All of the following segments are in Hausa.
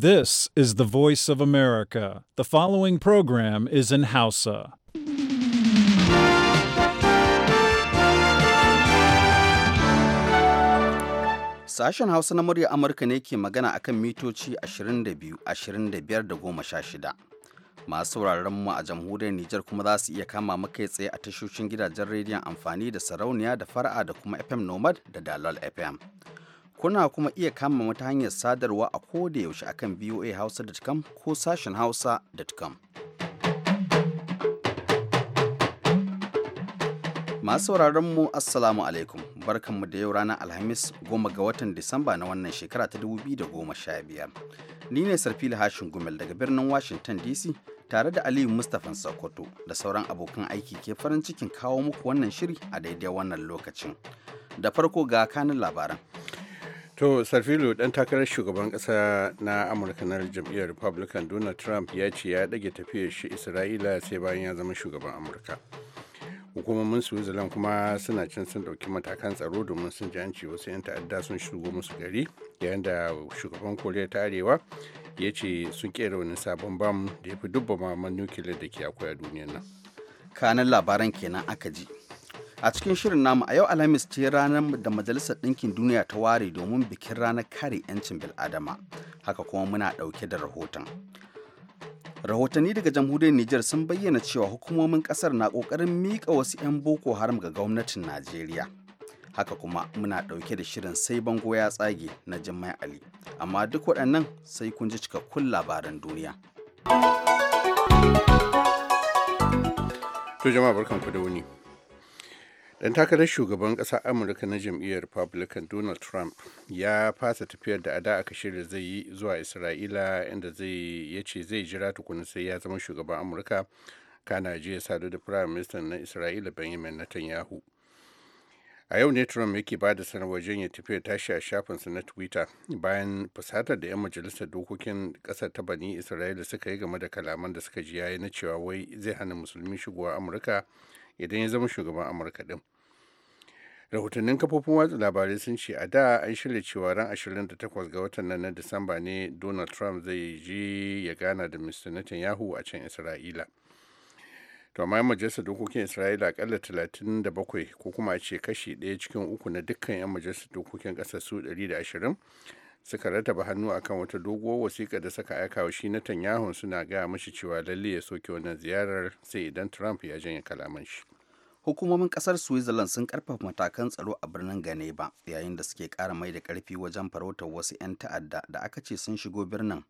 This is the voice of America. The following program is in Hausa. Sashen Hausa na murya Amurka ne ke magana akan mitoci 22, 25 da 16. Masu sauraron mu a jamhuriyar Nijar kuma za su iya kama makai tsaye a tashoshin gidajen rediyon amfani da sarauniya da fara'a da kuma FM Nomad da dalal FM. kuna kuma iya kama mata hanyar sadarwa a koda yaushe akan hausa.com ko sashen hausa.com. Masu sauraron mu Assalamu alaikum barkanmu da yau ranar Alhamis goma ga watan Disamba na wannan shekara ta 2015. Ni ne sarfili Hashin Gumel daga birnin Washington DC tare da Aliyu Mustapha Sokoto da sauran abokan aiki ke farin cikin kawo muku wannan shiri a daidai wannan lokacin. Da farko ga kanin labaran. To, Sarfilu dan takarar shugaban kasa na Amurka na jam'iyyar Republican Donald Trump ya ce ya dage tafiyar shi Isra'ila sai bayan ya zama shugaban Amurka. Hukumomin Switzerland kuma suna cin sun ɗauki matakan tsaro domin sun janci wasu 'yan ta'adda sun shigo musu gari yayin da shugaban Koriya ta Arewa ya ce sun kera wani sabon bam da ya fi dubba mamman nukiliyar da ke akwai a duniyar nan. Kanan labaran kenan aka ji. a cikin shirin namu a yau alhamis ce ranar da majalisar ɗinkin duniya ta ware domin bikin ranar kare 'yancin bil'adama haka kuma muna ɗauke da rahoton rahotanni daga jamhuriyar niger sun bayyana cewa hukumomin ƙasar na ƙoƙarin mika wasu 'yan boko haram ga gwamnatin najeriya haka kuma muna ɗauke da shirin sai bango ya tsage na Jummai ali amma duk waɗannan sai kun ji cikakkun labaran duniya to jama'a barkanku da wuni dan takarar shugaban ƙasar amurka na jam'iyyar republican donald trump ya fasa tafiyar da ada aka shirya zai yi zuwa isra'ila inda zai ya ce zai jira tukuna sai ya zama shugaban amurka kana jiya sadu da prime minister na isra'ila benjamin netanyahu a yau ne trump yake ba da sanarwar janye tafiyar tashi a shafinsa na twitter bayan fusatar da 'yan majalisar dokokin kasar ta bani isra'ila suka yi game da kalaman da suka ji yayi na cewa wai zai hana musulmi shigowa amurka idan ya zama shugaban amurka din rahotannin kafofin watsa labarai sun ce a da an shirya cewa ran 28 ga watan nan na disamba ne donald trump zai je ya gana da mr netanyahu a can isra'ila to amma majalisar dokokin isra'ila akalla 37 ko kuma a ce kashi ɗaya cikin uku na dukkan 'yan majalisar dokokin ƙasar su 120 suka rataba hannu akan wata doguwar wasiƙa da suka aika wa shi na tanyahun suna gaya mashi cewa lalle ya soke wannan ziyarar sai idan trump ya janye kalaman shi hukumomin kasar switzerland sun karfafa matakan tsaro a birnin ganeba yayin da suke kara mai da karfi wajen farautar wasu 'yan ta'adda da aka ce sun shigo birnin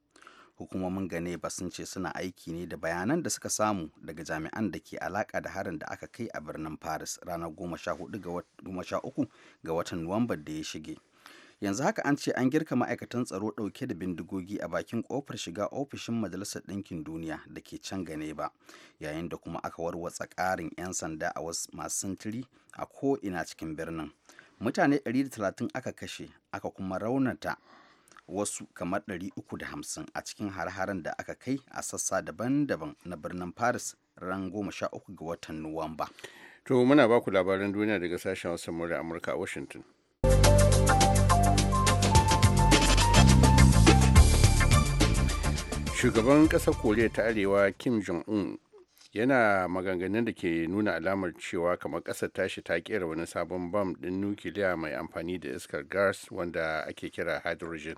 hukumomin ganeba sun ce suna aiki ne da bayanan da suka samu daga jami'an da ke alaka da harin da aka kai a birnin paris ranar 13 ga watan nuwamba da ya shige yanzu haka an ce an girka ma'aikatan tsaro ɗauke da bindigogi a bakin kofar shiga ofishin majalisar ɗinkin duniya da ke can gane ba yayin da kuma aka warwatsa ƙarin 'yan sanda a wasu masu sintiri a ko'ina cikin birnin mutane 130 aka kashe aka kuma raunata wasu kamar 350 a cikin har-haren da aka kai a sassa daban-daban na birnin paris ran 13 ga watan nuwamba to muna baku labaran duniya daga sashen wasan amurka a washington shugaban ƙasar koriya ta arewa kim jong-un yana maganganun da ke nuna alamar cewa kamar ƙasar tashi ta kera wani sabon bam ɗin nukiliya mai amfani da iskar gas wanda ake kira hydrogen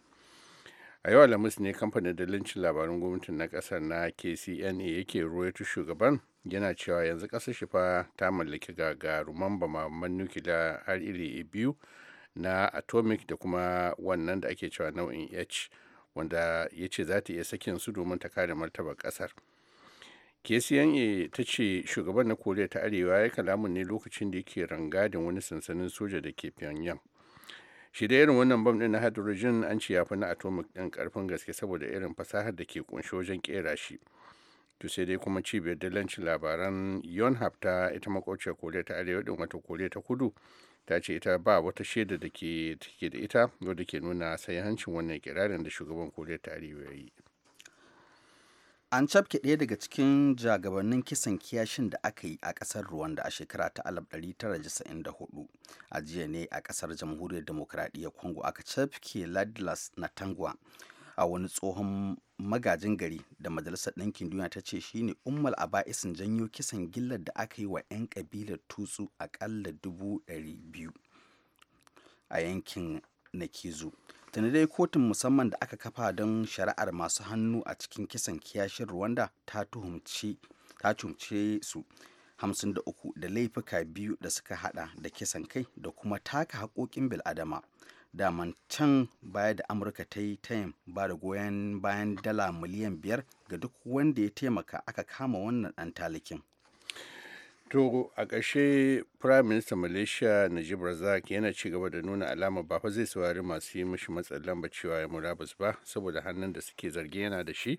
a yau alhamis ne kamfanin dalincin labarun gwamnatin na ƙasar na kcna yake ruwaito shugaban yana cewa yanzu ƙasar shi fa ta mallaki gagaruman bamaman nukiliya har iri biyu na atomic da kuma wannan da ake cewa nau'in h wanda ya ce za ta iya sakin su domin ta kare martabar kasar kcna ta ce shugaban na koriya ta arewa ya kalamun ne lokacin da yake rangadin wani sansanin soja da ke pyongyang shi da irin wannan bam ɗin na hydrogen an ce ya fi na atomic din karfin gaske saboda irin fasahar da ke kunshi wajen kera shi to sai dai kuma cibiyar dalancin labaran yonhap ta ita makwabciyar koriya ta arewa din wata koriya ta kudu ta ce ita ba wata shaida da ke take da ita wadda ke nuna sai hancin wannan kirarin da shugaban koriya ta arewa yi an cafke ɗaya daga cikin jagabannin kisan kiyashin da aka yi a ƙasar rwanda a shekara ta 1994 a jiya ne a ƙasar jamhuriyar demokradiyyar congo aka cafke ladlas na tangwa. a wani tsohon magajin gari da majalisar ɗinkin duniya ta ce shine ummal aba'isin janyo kisan gillar da aka yi wa 'yan ƙabilar tutsu aƙalla dubu ɗari biyu a yankin nakizu tuni dai kotun musamman da aka kafa don shari'ar masu hannu a cikin kisan kiyashin rwanda ta tuhumce su 53 da laifuka biyu da suka hada da kisan kai da kuma taka haƙoƙin bil'adama daman can baya da amurka ta yi tayin ba da goyon bayan dala miliyan biyar ga duk wanda ya taimaka aka kama wannan dan talikin to a ƙarshe prime minister malaysia najib razak yana ci gaba da nuna alama ba fa zai saurari masu yi mishi matsin lamba cewa ya murabus ba saboda hannun da suke zargi yana da shi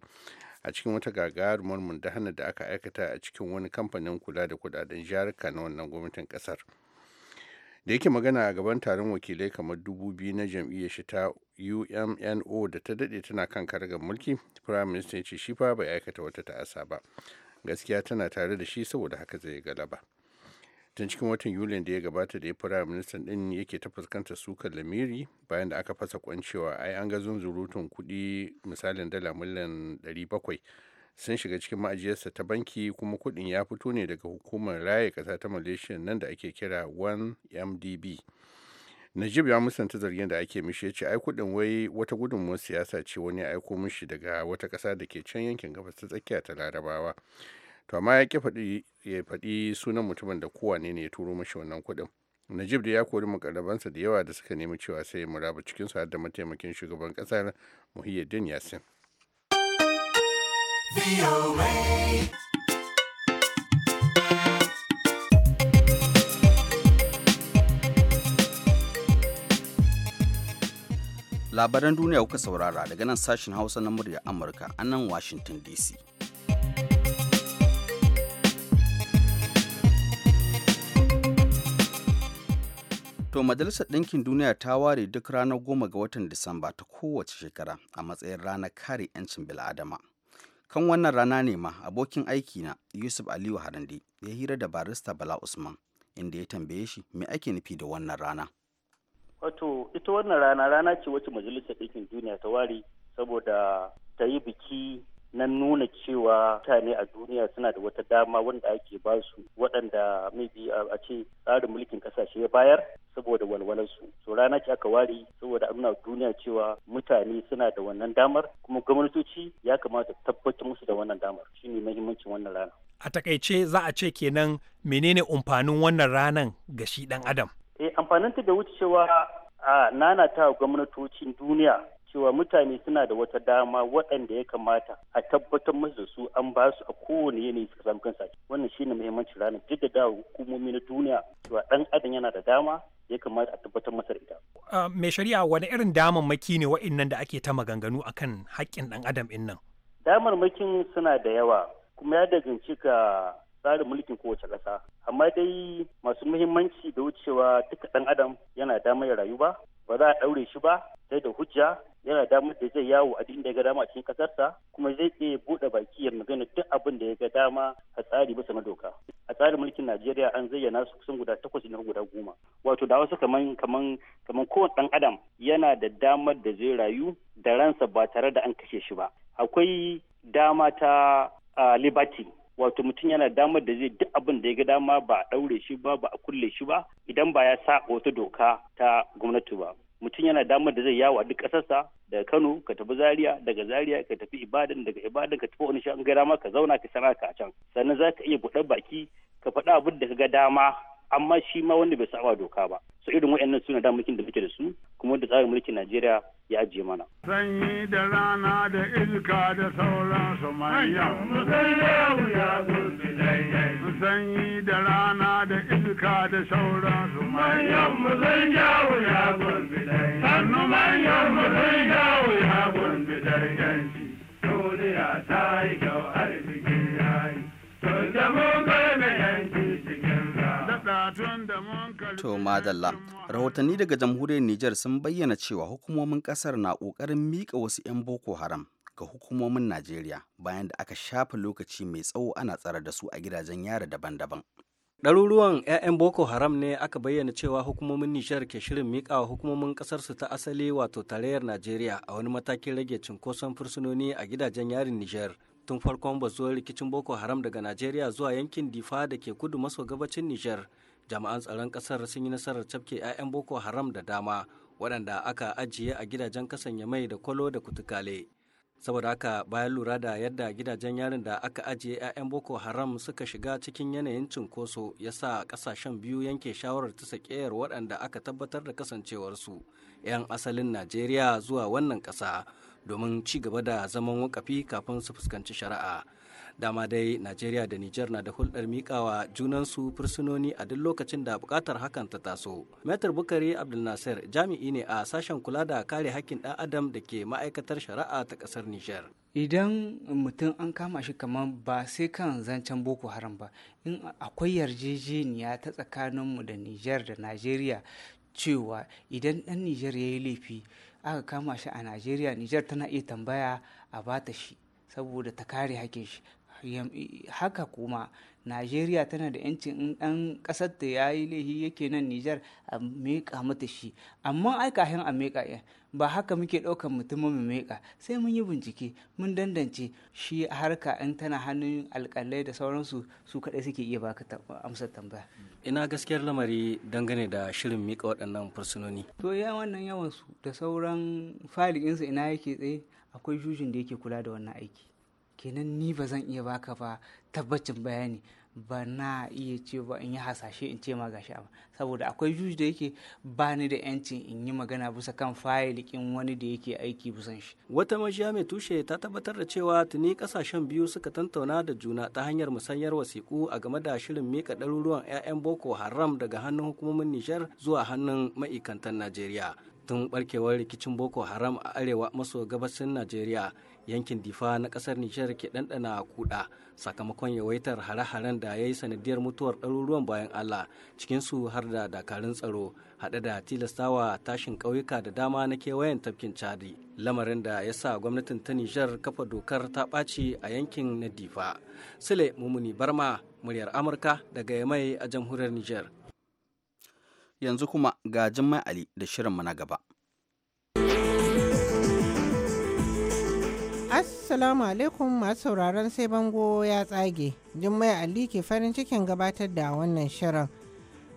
a cikin wata gagarumar mundahanar da aka aikata a cikin wani kamfanin kula da kudaden jarika na wannan gwamnatin kasar. da yake magana a gaban taron wakilai kamar dubu biyu na jam'iyyar shi ta umno da ta dade tana kan karagar mulki prime minister ya ce shi fa bai aikata wata ta'asa ba gaskiya tana tare da shi saboda haka zai galaba tun cikin watan yulin da ya gabata da ya prime minister din yake ta fuskantar sukar lamiri bayan da aka fasa kwancewa ai an ga zunzurutun kuɗi misalin dala miliyan 700 sun shiga cikin ma'ajiyarsa ta banki kuma kuɗin ya fito ne daga hukumar raya ƙasa ta malaysia nan da ake kira 1mdb najib ya musanta zargin da ake mishi ya ce ai kuɗin wai wata gudunmuwar siyasa ce wani ya aiko mishi daga wata ƙasa da ke can yankin gabas ta tsakiya ta larabawa to amma ya ƙi ya faɗi sunan mutumin da kowane ne ya turo mashi wannan kuɗin najib da ya kori makarabansa da yawa da suka nemi cewa sai ya muraba cikinsu har da mataimakin shugaban ƙasar muhyiddin yasin Labaran duniya kuka saurara daga nan sashen Hausa na muryar Amurka a nan Washington DC. To Majalisar Ɗinkin Duniya ta ware duk ranar goma ga watan Disamba ta kowace shekara a matsayin ranar kare 'yancin bil'adama. kan wannan rana ne ma abokin aikina yusuf aliyu harande ya hira da barista bala usman inda ya tambaye shi me ake nufi da wannan rana wato ita wannan rana rana ce wacce majalisar ɗinkin duniya ta ware saboda ta yi biki na nuna cewa mutane a duniya suna da wata dama wanda ake ba su waɗanda maybe a ce tsarin mulkin ƙasashe ya bayar saboda walwalarsu rana ce aka ware saboda a nuna duniya cewa mutane suna da wannan damar kuma gwamnatoci ya kamata tabbatar musu da wannan damar shine muhimmancin wannan rana a takaice za a ce kenan menene amfanin wannan ranan ga shi dan adam eh amfanin ta da wuce cewa a nanata gwamnatocin duniya cewa mutane suna da wata dama waɗanda ya kamata a tabbatar musu su an ba su a kowane yanayi su samu kansa wannan shine muhimmancin ranar jaddadawa hukumomi na duniya cewa dan adam yana da dama ya kamata a tabbatar masa ita. mai shari'a wani irin damammaki ne wa'innan da ake ta maganganu akan haƙƙin ɗan adam in nan. damarmakin suna da yawa kuma ya danganci ga tsarin mulkin kowace ƙasa amma dai masu muhimmanci da wucewa duka ɗan adam yana damar ya rayu ba ba za a ɗaure shi ba sai da hujja yana damar da zai yawo a duk da ya ga dama a cikin kasarsa kuma zai iya buɗe baki ya magana duk abin da ya ga dama a tsari bisa na doka a tsarin mulkin Najeriya an zayyana su kusan guda takwas na guda goma wato da wasu kaman kaman kaman kowane ɗan adam yana da damar da zai rayu da ransa ba tare da an kashe shi ba akwai dama ta liberty wato mutum yana damar da zai duk abin da ya ga dama ba a ɗaure shi ba ba a kulle shi ba idan ba ya sa wata doka ta gwamnati ba mutum yana damar da zai yawo a duk ƙasarsa daga Kano ka tafi Zaria daga Zaria ka tafi Ibadan daga Ibadan ka tafi wani shan gara ma ka zauna ka sana ka a can sannan za ka iya buɗe baki ka faɗi abin da ka ga dama amma shi ma wanda bai saba doka ba su irin wa'annan suna damakin da muke da su kuma da tsarin mulkin Najeriya ya ajiye mana. Sanyi da rana da iska da sauran su Sanyi da rana da iska da sauran su manya. mu zan ya wuya gurbi Sannu manyan mu zan ya da gurbi Duniya ta yi kyau arziki ya yi. Tun da To madalla, rahotanni daga jamhuriyar Nijar sun bayyana cewa hukumomin kasar na ƙoƙarin mika wasu 'yan Boko Haram ga hukumomin Najeriya bayan da aka shafa lokaci mai tsawo ana tsare da su a gidajen yara daban-daban. ɗaruruwan 'ya'yan boko haram ne aka bayyana cewa hukumomin nijar ke shirin miƙa wa hukumomin ƙasarsu ta asali wato tarayyar najeriya a wani matakin rage cinkoson fursunoni a gidajen yarin nijar tun farkon bazuwar rikicin boko haram daga najeriya zuwa yankin difa da ke kudu maso gabacin nijar jami'an tsaron kasar sun yi nasarar cafke 'ya'yan boko haram da dama waɗanda aka ajiye a gidajen kasan ya mai da kwalo da kutukale saboda haka bayan lura da yadda gidajen yarin da aka ajiye 'ya'yan boko haram suka shiga cikin yanayin cunkoso ya sa kasashen biyu yanke shawarar ta sakeyar waɗanda aka tabbatar da kasancewarsu 'yan asalin najeriya zuwa wannan ƙasa domin ci gaba da zaman wakafi kafin su fuskanci shari'a dama dai najeriya da niger na da hulɗar miƙawa su fursunoni a duk lokacin da buƙatar hakan ta taso metar bukari abdulnasir jami'i ne a sashen kula da kare hakkin ɗan adam da ke ma'aikatar shari'a ta ƙasar niger idan mutum an kama shi kamar ba sai kan zancen boko haram ba in akwai yarjejeniya ta tsakaninmu da niger da najeriya cewa idan ɗan niger ya yi laifi aka kama shi a najeriya niger tana iya tambaya a bata shi saboda ta kare hakin shi haka kuma najeriya tana da yancin in ɗan ƙasar ta ya yi laihi yake nan nijar a meƙa mata shi amma ai kahin a meƙa yan eh, ba haka muke ɗaukar mutumin mu meƙa sai mun yi bincike mun dandance shi harka in tana hannun alƙalai da sauransu su kaɗai suke iya baka amsar tambaya ina gaskiyar lamari dangane da shirin miƙa waɗannan fursunoni to ya wannan yawansu da sauran fali'insu ina yake tsaye akwai jujin da yake kula da wannan aiki kenan ni ba zan iya baka ba tabbacin bayani ba na iya ce ba in yi hasashe in ce ma gashi ba saboda akwai juji da yake ba ni da yancin in yi magana bisa kan fayil fayilikin wani da yake aiki busan shi wata majiya mai tushe ta tabbatar da cewa tuni kasashen biyu suka tantauna da juna ta hanyar musanyar wasiku a game da shirin mika ɗaruruwan 'ya'yan boko haram daga hannun hukumomin nijar zuwa hannun maikantan najeriya tun barkewar rikicin boko haram a arewa maso gabashin najeriya yankin difa na kasar nijar ke ɗanɗana kuɗa sakamakon yawaitar hare-haren da ya yi sanadiyar mutuwar ɗaruruwan bayan allah cikinsu har da dakarun tsaro haɗe da tilastawa tashin ƙauyuka da dama na kewayen tafkin chadi lamarin da ya sa gwamnatin ta nijar kafa dokar ta ɓaci a yankin na difa sule mumuni barma muryar amurka daga yamai a jamhuriyar nijar yanzu kuma ga jimai ali da shirinmu na gaba Assalamu alaikum masu sauraron sai bango ya tsage. Jummai Ali ke farin cikin gabatar da wannan shirin.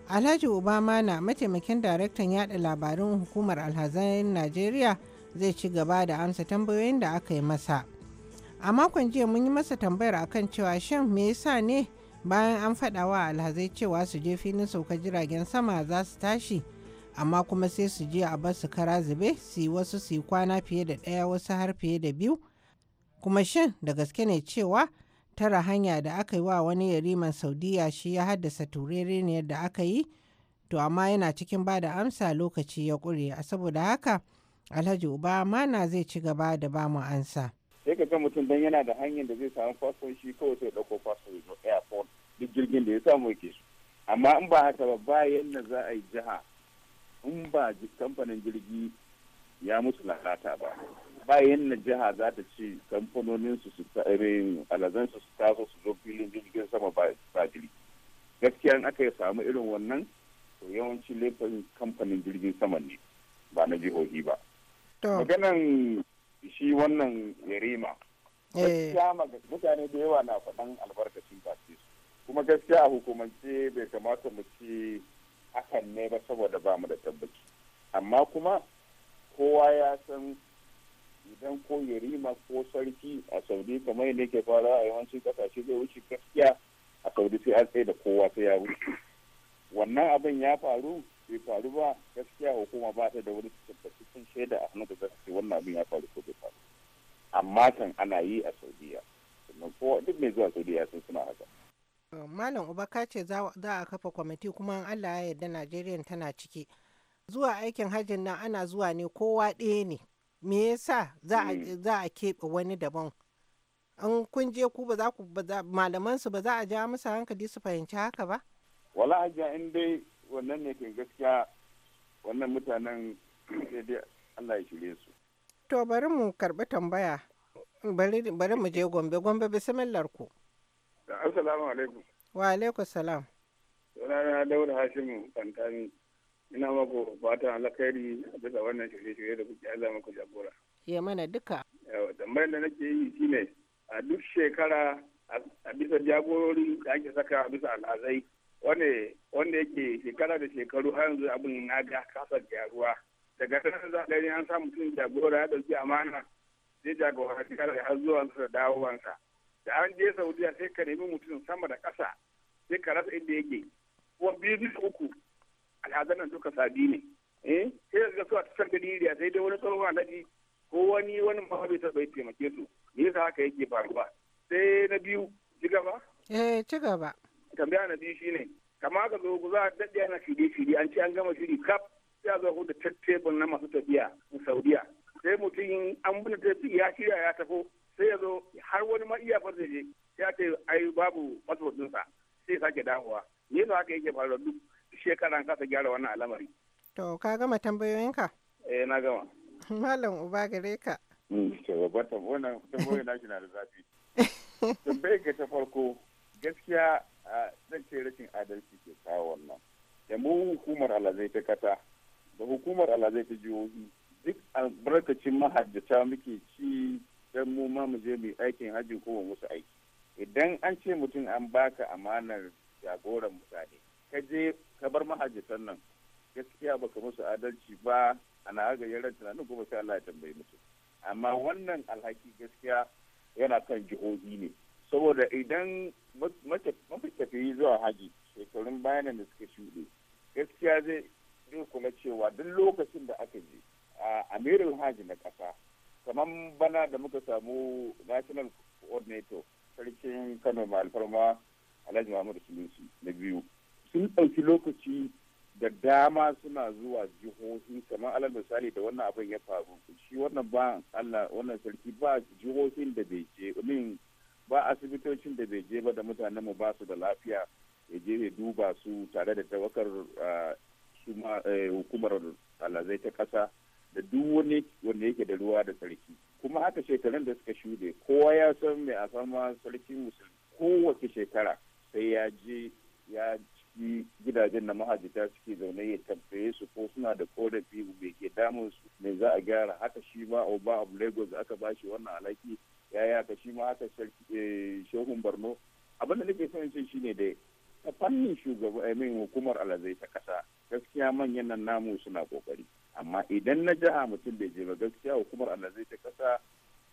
Alhaji Obama na mataimakin daraktan yada labarin hukumar alhazan Najeriya zai ci gaba da amsa tambayoyin da aka yi masa. A makon jiya mun yi masa tambayar akan cewa shin me yasa ne bayan an faɗa wa alhazai cewa su je filin sauka jiragen sama za su tashi amma kuma sai su je a bar su kara zube su yi wasu su yi kwana fiye da ɗaya wasu har fiye da biyu kuma shin da gaske ne cewa tara hanya da aka yi wa wani yariman saudiya shi ya haddasa turereniyar da aka yi to amma yana cikin ba da amsa lokaci ya ƙure a saboda haka alhaji uba mana zai ci gaba da ba mu ansa sai ka ga mutum don yana da hanyar da zai samu fasfon shi kawai sai dauko fasfon ya airport duk jirgin da ya samu yake su amma in ba haka ba bayan da za a yi jiha in ba kamfanin jirgi ya musu lalata ba bayan na jiha za ta ci kamfanonin su su alazan su su taso su zo filin jirgin sama ba jiri gaskiya in aka samu irin wannan to yawanci laifin kamfanin jirgin sama ne ba na jihohi ba maganan shi wannan yarima eh. gaskiya mutane da yawa na faɗan albarkacin baki su kuma gaskiya a hukumance bai kamata mu ci hakan ne ba saboda ba mu da tabbaci amma kuma kowa ya san idan ko yarima ko sarki a saudi kamar yadda ke fara a yawancin kasashe zai wuce gaskiya a saudi sai an tsaye da kowa sai ya wuce wannan abin ya faru bai faru ba gaskiya hukuma ba ta da wani tabbataccen shaida a hannun da za ce wannan abin ya faru ko bai faru amma kan ana yi a saudiya sannan ko duk mai zuwa saudiya sun suna haka malam uba ka ce za a kafa kwamiti kuma allah ya yarda najeriya tana ciki zuwa aikin hajjin nan ana zuwa ne kowa ɗaya ne me yasa mm. za a keɓe wani daban an kun je ku ba za ku malaman su ba za a ja musu hankali su fahimci haka ba wala haja in dai wannan ne ke gaskiya wannan mutanen dai Allah ya shirye su to bari mu karbi tambaya bari mu je gombe gombe bismillah ku assalamu alaikum wa alaikum salam sunana dauda hashimu kankani ina mako fatan alkhairi bisa wannan shirye-shirye da kuke Allah maka jagora ya mana duka yawa tambayar da nake yi shine a duk shekara a bisa jagorori da ake saka a bisa al'azai wanda yake shekara da shekaru har yanzu abin na ga kasar gyaruwa daga nan za a an sa mutum jagora ya dauki amana zai jagora da har zuwa da dawowansa da an je saudiya sai ka nemi mutum sama da ƙasa sai ka rasa inda yake kuma biyu uku alhazan nan duka sabi ne eh sai ga suwa ta gari da sai dai wani tsoron alhaji ko wani wani ma bai taimake su me yasa haka yake faruwa sai na biyu ci gaba eh ci gaba tambaya na biyu shine kamar ka zo za a daɗe ana shirye-shirye an ce an gama shiri kaf sai a zo da tattebul na masu tafiya saudiya sai mutum an bude ta ya shirya ya tafo sai ya zo har wani ma iya farce ce ya ce ai babu passport sa sai sake dawowa me yasa haka yake faruwa duk shekaran kasa gyara wannan al'amari. To ka gama tambayoyinka? Eh na gama. Malam uba gare ka. Hmm, to babban tambayoyin tambayoyin na shi na da zafi. Tambayar ka ta farko gaskiya zan ce rashin adalci ke kawo wannan. Da mu hukumar alazai ta kata da hukumar alazai ta jihohi duk albarkacin mahajjata muke ci don mu ma mu je mu aikin hajji ko mu musu aiki. Idan an ce mutum an baka amanar jagoran mutane ka je ka bar mahajjatan nan gaskiya ba ka musu adalci ba ana ga yaran tunanin kuma sai Allah ya tambaye musu amma wannan alhaki gaskiya yana kan jihohi ne saboda idan matafiyi zuwa haji shekarun bayanan da suka shuɗe gaskiya zai zai kula cewa duk lokacin da aka je a amirin haji na ƙasa kamar bana da muka samu national coordinator sarkin kano mai alfarma alhaji mahmud sulusi na biyu sun ɗauki lokaci da dama suna zuwa jihohi kamar alal misali da wannan abin ya faru shi wannan ba Allah wannan sarki ba jihohin da bai je min ba asibitocin da bai je ba da mutanen mu ba su da lafiya ya je ya duba su tare da tawakar hukumar alazai ta kasa da duk wani wanda yake da ruwa da sarki kuma haka shekarun da suka shuɗe kowa ya san mai asama sarki musulmi kowace shekara sai ya je ya shi gidajen na mahajjata suke zaune ya tambaye su ko suna da korafi bai ke damun su me za a gyara haka shi a oba abu lagos aka ba shi wannan alaki yaya ka shi ma haka eh, shehun borno abinda nake son ce shine da ta fannin shugaba eh, min hukumar alazai ta kasa gaskiya manyan nan namu suna kokari amma idan na jiha mutum bai je ba gaskiya hukumar alazai ta kasa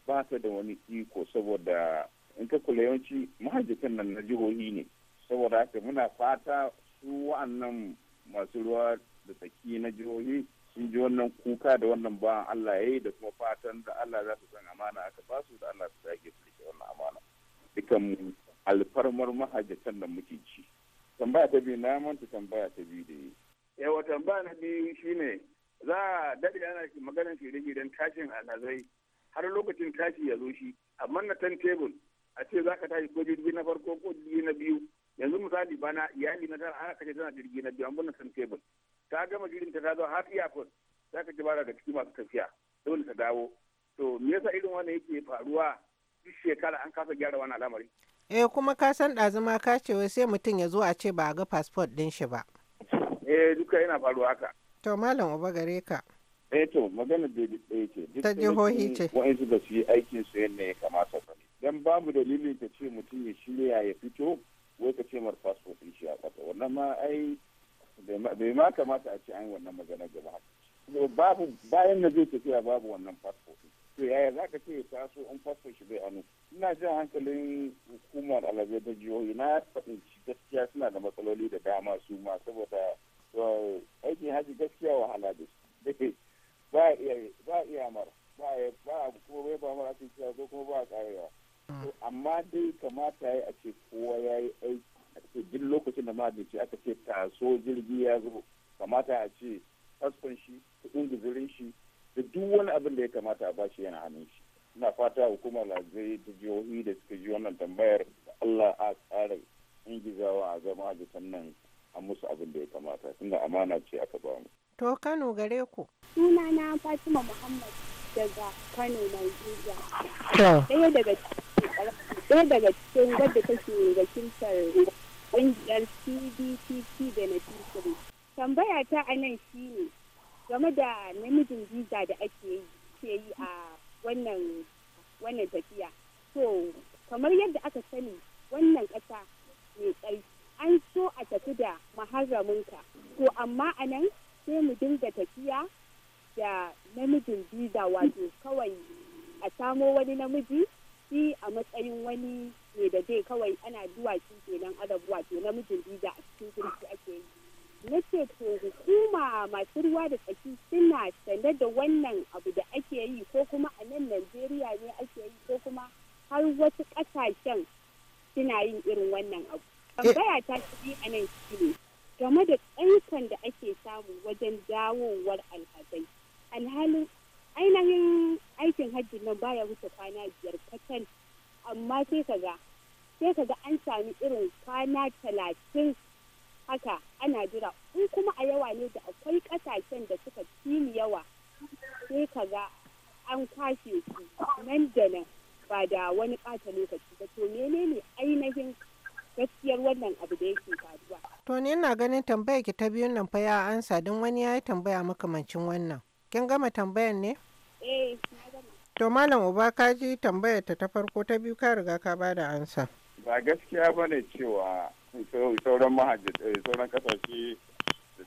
ba ta da wani iko saboda in ka kula yawanci mahajjatan nan na jihohi ne saboda haka muna fata su wa'annan masu ruwa da tsaki na jihohi sun ji wannan kuka da wannan ba Allah ya yi da kuma fatan da Allah za su san amana aka ba su da Allah su sake su rike wannan amana dukan alfarmar mahajjatan da muke ci tambaya ta biyu na manta tambaya ta biyu da yi yawa tambaya na biyu shine za a daɗe ana maganar shirye don tashin alhazai har lokacin tashi ya zo shi amma na tan tebul a ce za ka tashi ko jirgi na farko ko jirgi na biyu yanzu misali bana iyali na tana ana kace tana jirgi na biyu an bunna san tebur ta gama jirgin ta zo har kun za ka ji ba daga ciki masu tafiya dole ta dawo to me yasa irin wannan yake faruwa duk shekara an kasa gyara wannan al'amari e kuma ka san ɗazuma ka ce wai sai mutum ya zo a ce ba a ga fasfot din shi ba eh duka yana faruwa haka to malam uba gare ka eh to magana da ɗaya ce ta jihohi ce wa'ansu ba su yi aikin su yadda ya kamata ba ne dan babu dalilin ta ce mutum ya shirya ya fito wai ka ce mar passport din shi a ƙasa wannan ma ai bai ma kamata a ce an wannan magana gaba haka babu bayan na zai tafiya babu wannan passport to yaya za ka ce ya taso in passport shi bai anu ina jin hankalin hukumar alaje da jihohi na shi gaskiya suna da matsaloli da dama su ma saboda eh, aikin haji gaskiya wahala da su ba iya mara ba kuma bai ba mara sun a ko kuma ba a karewa Mm. amma dai kamata ya a ce kowa ya yi aiki a ce duk lokacin da magici aka ce taso jirgi ya zo kamata a ce fasfon shi kudin guzurin shi da duk wani abin da ya kamata a bashi yana hannun shi ina fata hukumar lazai da jihohi da suka ji wannan tambayar da allah a tsara ingizawa a zama da sannan a musu abin da ya kamata tunda amana ce aka ba mu. to kano gare ku. suna na fatima muhammad daga kano nigeria. ɗaya daga ɗaya daga cikin wadda take wakiltar ƙungiyar cdtt beneficiary tambaya ta a nan shine game da namijin visa da ake yi a wannan wannan tafiya to kamar yadda aka sani wannan ƙasa mai tsarki an so a tafi da maharaminka to amma a nan sai mu dinga tafiya da namijin biza wato kawai a samo wani namiji shi a matsayin wani ne da zai kawai ana duwaki kenan adabuwa to namijin dija a cikin kirki ake yi na ce to hukuma masu ruwa da tsaki suna sanda da wannan abu da ake yi ko kuma a nan najeriya ne ake yi ko kuma har wasu ƙasashen suna yin irin wannan abu eh. tambaya ta shi a nan shi ne game da tsaikon da ake samu wajen dawowar talatin haka ana jira in kuma a yawa ne da akwai kasashen da suka fi yawa sai ka ga an kwashe su nan da nan ba da wani ɓata lokaci ba to ne ainihin gaskiyar wannan abu da yake faruwa. To ne ina ganin tambayar ki ta biyun nan fa ya ansa don wani ya yi tambaya makamancin wannan. Kin gama tambayar ne? Eh, na gama. To Malam Uba ka ji tambayar ta ta farko ta biyu ka riga ka bada ansa. ba gaskiya ba ne cewa sauran sauran kasashe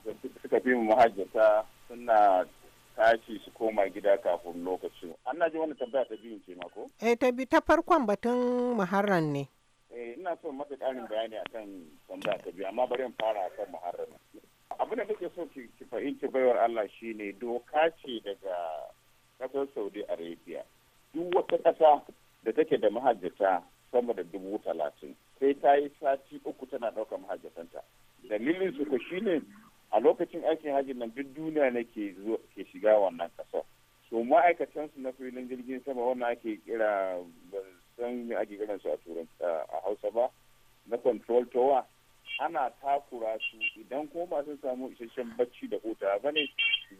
da suka fi mahajjata suna tashi su koma gida kafin lokaci an na ji wani tambaya ta biyun ce mako eh ta bi ta farkon batun maharan ne eh ina son mata karin bayani akan tambaya ta biyu amma bari in fara akan maharan. abin da nake so ki fahimci baiwar Allah shine doka ce daga kasar Saudi Arabia duk wata ƙasa da take da mahajjata sama da dubu talatin sai ta yi sati uku tana ɗaukar mahajjatanta dalilin su ko shine a lokacin aikin hajji nan duk duniya ne ke ke shiga wannan ƙasar so ma'aikatan su na filin jirgin sama wannan ake kira ban san me ake kiran su a turanci a hausa ba na control tower ana takura su idan ko ba sun samu isasshen bacci da hutawa ba ne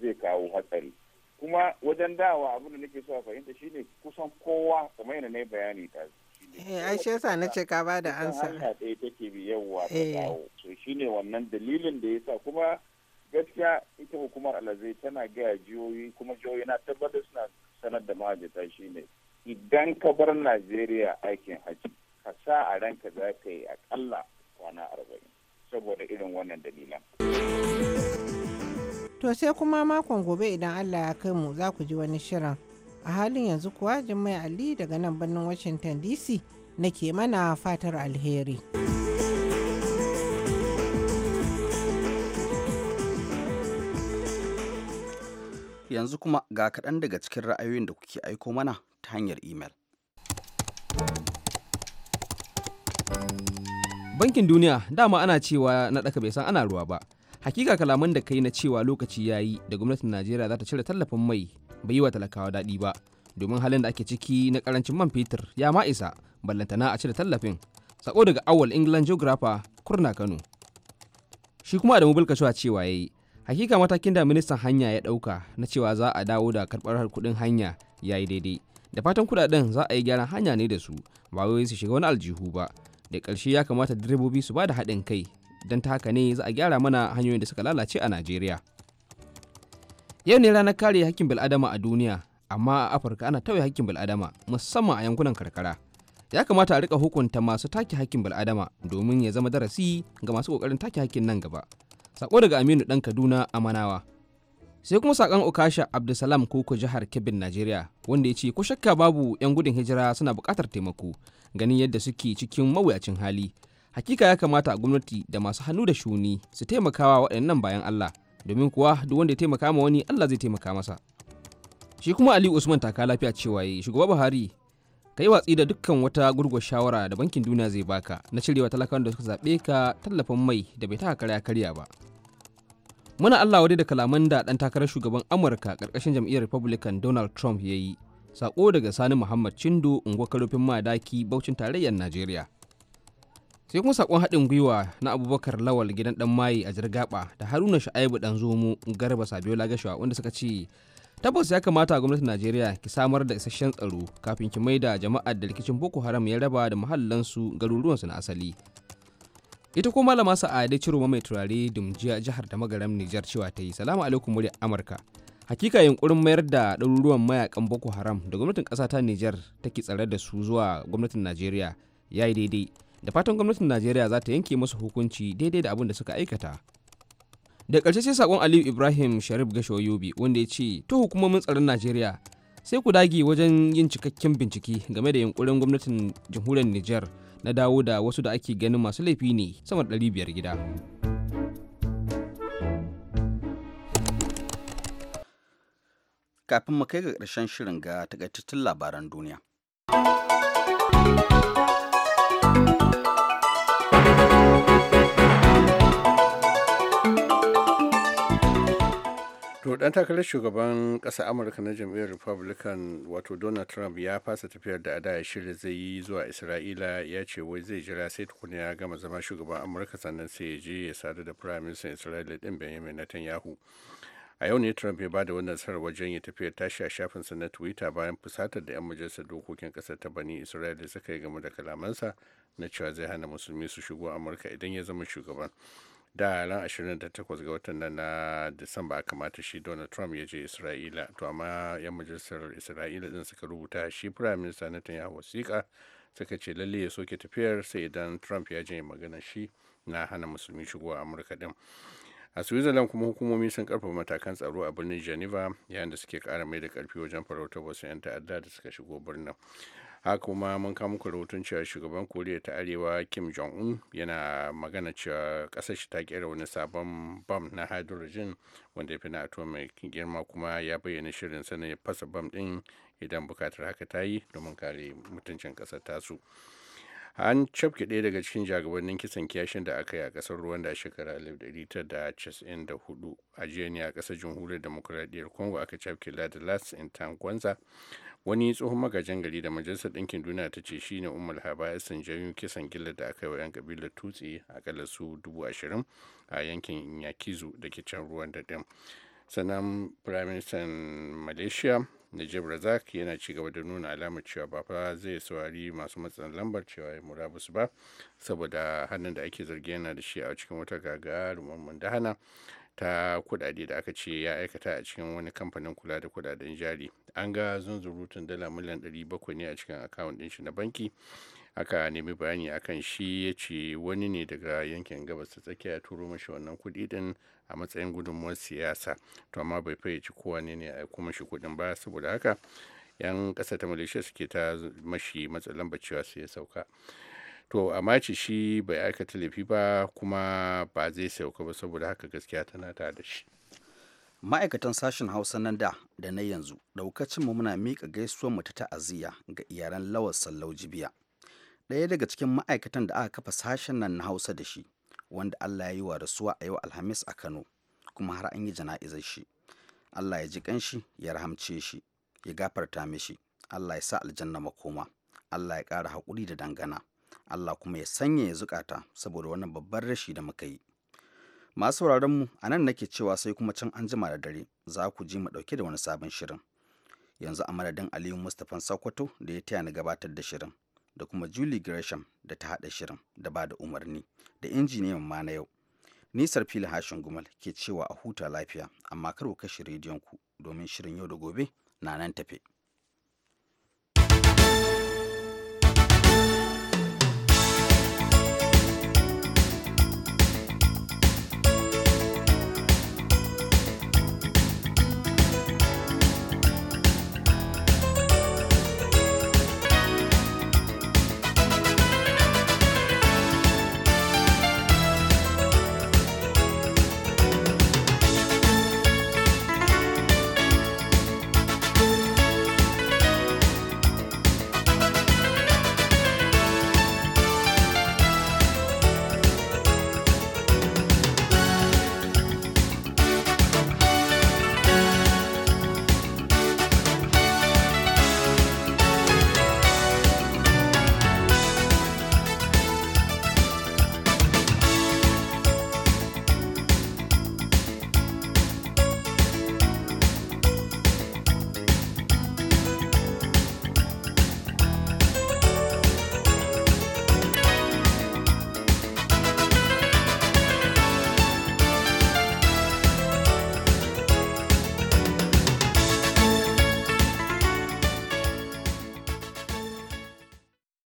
zai kawo hatsari kuma wajen dawa abin da nake so a fahimta shine kusan kowa kamar yana ne bayani ta eh ai shi yasa na ce ka ba da ansa hanya ɗaya take bi yawa ta eh. dawo to shine wannan dalilin da yasa kuma gaskiya ita hukumar alazai tana gaya jihohi kuma jihohi na tabbatar suna sanar da mahajjata shine idan ka bar najeriya aikin hajji ka sa a ranka za ka yi aƙalla kwana arba'in saboda irin wannan dalilan to sai kuma makon gobe idan allah ya kai mu za ku ji wani shirin a halin yanzu kuwa jimai ali daga nan birnin washington dc ke mana fatar alheri yanzu kuma ga kaɗan daga cikin ra'ayoyin da kuke aiko mana ta hanyar imel. Bankin Duniya dama ana cewa na ɗaka bai san ana ruwa ba. Hakika kalaman da kai na cewa lokaci ya yi da gwamnatin Najeriya za ta cire tallafin mai bai yi wa talakawa daɗi ba domin halin da ake ciki na karancin man fetur ya ma isa ballantana a cire tallafin sako daga awal england geographer kurna kano shi kuma adamu bulkashuwa cewa ya yi hakika matakin da ministan hanya ya ɗauka na cewa za a dawo da karɓar kuɗin hanya ya yi daidai da fatan kuɗaɗen za a yi gyaran hanya ne da su ba wai su shiga wani aljihu ba da ƙarshe ya kamata direbobi su ba da haɗin kai don ta haka ne za a gyara mana hanyoyin da suka lalace a najeriya Yau ne ranar kare hakkin bil'adama a duniya, amma a Afirka ana tauye hakkin bil'adama musamman a yankunan karkara. Ya kamata a rika hukunta masu take hakkin bil'adama domin ya zama darasi ga masu kokarin take hakkin nan gaba. Sako daga Aminu Dan Kaduna a Manawa. Sai kuma sakan Okasha Abdulsalam Koko jihar Kebbi, Najeriya wanda ya ce ko shakka babu 'yan gudun hijira suna buƙatar taimako ganin yadda suke cikin mawuyacin hali. Hakika ya kamata a gwamnati da masu hannu da shuni su taimakawa waɗannan bayan Allah domin kuwa duk wanda ya taimaka ma wani Allah zai taimaka masa shi kuma Ali Usman taka lafiya cewa ya shugaba Buhari ka yi watsi da dukkan wata gurgur shawara da bankin duniya zai baka na cirewa talakawan da suka zaɓe ka tallafin mai da bai taka karya karya ba muna Allah wadai da kalaman da ɗan takarar shugaban Amurka ƙarƙashin jam'iyyar Republican Donald Trump ya yi sako daga Sani Muhammad Chindo unguwar karofin madaki Bauchin tarayyar Najeriya sai kuma sakon haɗin gwiwa na abubakar lawal gidan dan maye a jirgaba da haruna sha'aibu dan zomo garba sabiola gashawa wanda suka ce tabbas ya kamata gwamnatin najeriya ki samar da isasshen tsaro kafin ki maida jama'ar da rikicin boko haram ya raba da mahallansu garuruwansu na asali ita ko malama sa'adai ciroma mai turare dumjiya jihar da magaram nijar cewa ta yi salamu alaikum murya amurka hakika yunkurin mayar da ɗaruruwan mayakan boko haram da gwamnatin ƙasa ta nijar take tsare da su zuwa gwamnatin najeriya ya yi daidai da fatan gwamnatin najeriya za ta yanke musu hukunci daidai da abin da suka aikata da ƙarshe sai saƙon aliyu ibrahim sharif gasho yobe wanda ya ce ta hukumomin tsaron najeriya sai ku dage wajen yin cikakken bincike game da yunkurin gwamnatin jamhuriyar niger na dawo da wasu da ake ganin masu laifi ne sama da 500 gida kafin mu kai ga ƙarshen shirin ga takaitattun labaran duniya. dan takarar shugaban ƙasa Amurka na jam'iyyar Republican wato Donald Trump ya fasa tafiyar da adaya shirya zai yi zuwa Isra'ila ya ce wai zai jira sai tukuna ya gama zama shugaban Amurka sannan sai ya je ya sadu da Prime Minister Isra'ila din Benjamin Netanyahu. A yau ne Trump ya bada wannan sarar wajen ya tafiyar tashi a sa na Twitter bayan fusatar da 'yan majalisar dokokin ƙasar ta bani Isra'ila suka yi game da kalamansa na cewa zai hana musulmi su shigo Amurka idan ya zama shugaban. da ran 28 ga watan nan na disamba kamata shi donald trump ya je isra'ila to amma yan majalisar isra'ila din suka rubuta shi prime minister tanya wasiƙa suka ce lalle ya soke tafiyar sai idan trump ya je magana shi na hana musulmi shigowa amurka din a switzerland kuma hukumomi sun karfafa matakan tsaro a birnin geneva yayin da suke kara mai da karfi wajen farautar wasu 'yan ta'adda da suka shigo birnin haka kuma mun kawo muku rahoton cewa shugaban koriya ta arewa kim jong un yana magana cewa kasar shi ta kera wani sabon bam na hydrogen wanda ya fi na atomic girma kuma ya bayyana shirin sanin fasa bam din idan bukatar haka ta yi domin kare mutuncin kasar tasu. su an cafke ɗaya daga cikin jagabannin kisan kiyashin da aka yi a ƙasar da a shekarar 1994 a jiya ne a ƙasar jamhuriyar demokuraɗiyyar congo aka cafke ladalas intangwanza wani tsohon magajin gari da majalisar ɗinkin duniya ta ce shi ne umar ya sun janyo kisan gillar da aka yi wa 'yan kabilar tutsi a su dubu a yankin yakizu da ke can ruwan daɗin sannan firaministan malaysia najib razak yana ci gaba da nuna alamar cewa ba fa zai saurari masu matsan lambar cewa ya murabusu ba saboda hannun da ake zargi yana da shi a cikin wata gagarumar mundahana ta kudade da aka ce ya aikata a cikin wani kamfanin kula da kudaden jari an ga zunzurutun dala miliyan 700 ne a cikin akawun ɗin shi na banki aka nemi bayani akan shi ya ce wani ne daga yankin gabas ta tsakiya ya turo mashi wannan kuɗi din a matsayin gudunmuwar siyasa to amma bai fayyace kowa ne ne a kuma shi kuɗin ba saboda haka yan ƙasa ta malaysia suke ta mashi matsin lamba cewa su ya sauka to amma ce shi bai aikata laifi ba kuma ba zai sauka ba saboda haka gaskiya tana ta da shi ma'aikatan sashen hausa nan da da na yanzu daukacinmu mu muna miƙa gaisuwar mu ta ta'aziyya ga iyalan lawar sallau jibiya ɗaya daga cikin ma'aikatan da aka kafa sashen nan na hausa da shi wanda allah ya yi wa rasuwa a yau alhamis a kano kuma har an yi jana'izar shi allah ya ji kanshi ya rahamce shi ya gafarta mishi allah ya sa aljanna makoma allah ya ƙara haƙuri da dangana allah kuma ya sanya ya zukata saboda wannan babban rashi da muka yi masu mu a nan nake cewa sai kuma can an jima da dare za ku ji mu ɗauke da wani sabon shirin yanzu a madadin aliyu mustapha sokoto da ya taya ni gabatar da shirin da kuma Julie Gresham da ta haɗa shirin da ba da umarni da injiniyan ma na yau. Nisar fili hashin gumal ke cewa a huta lafiya amma kar ku kashe rediyon ku domin shirin yau da gobe na nan tafe.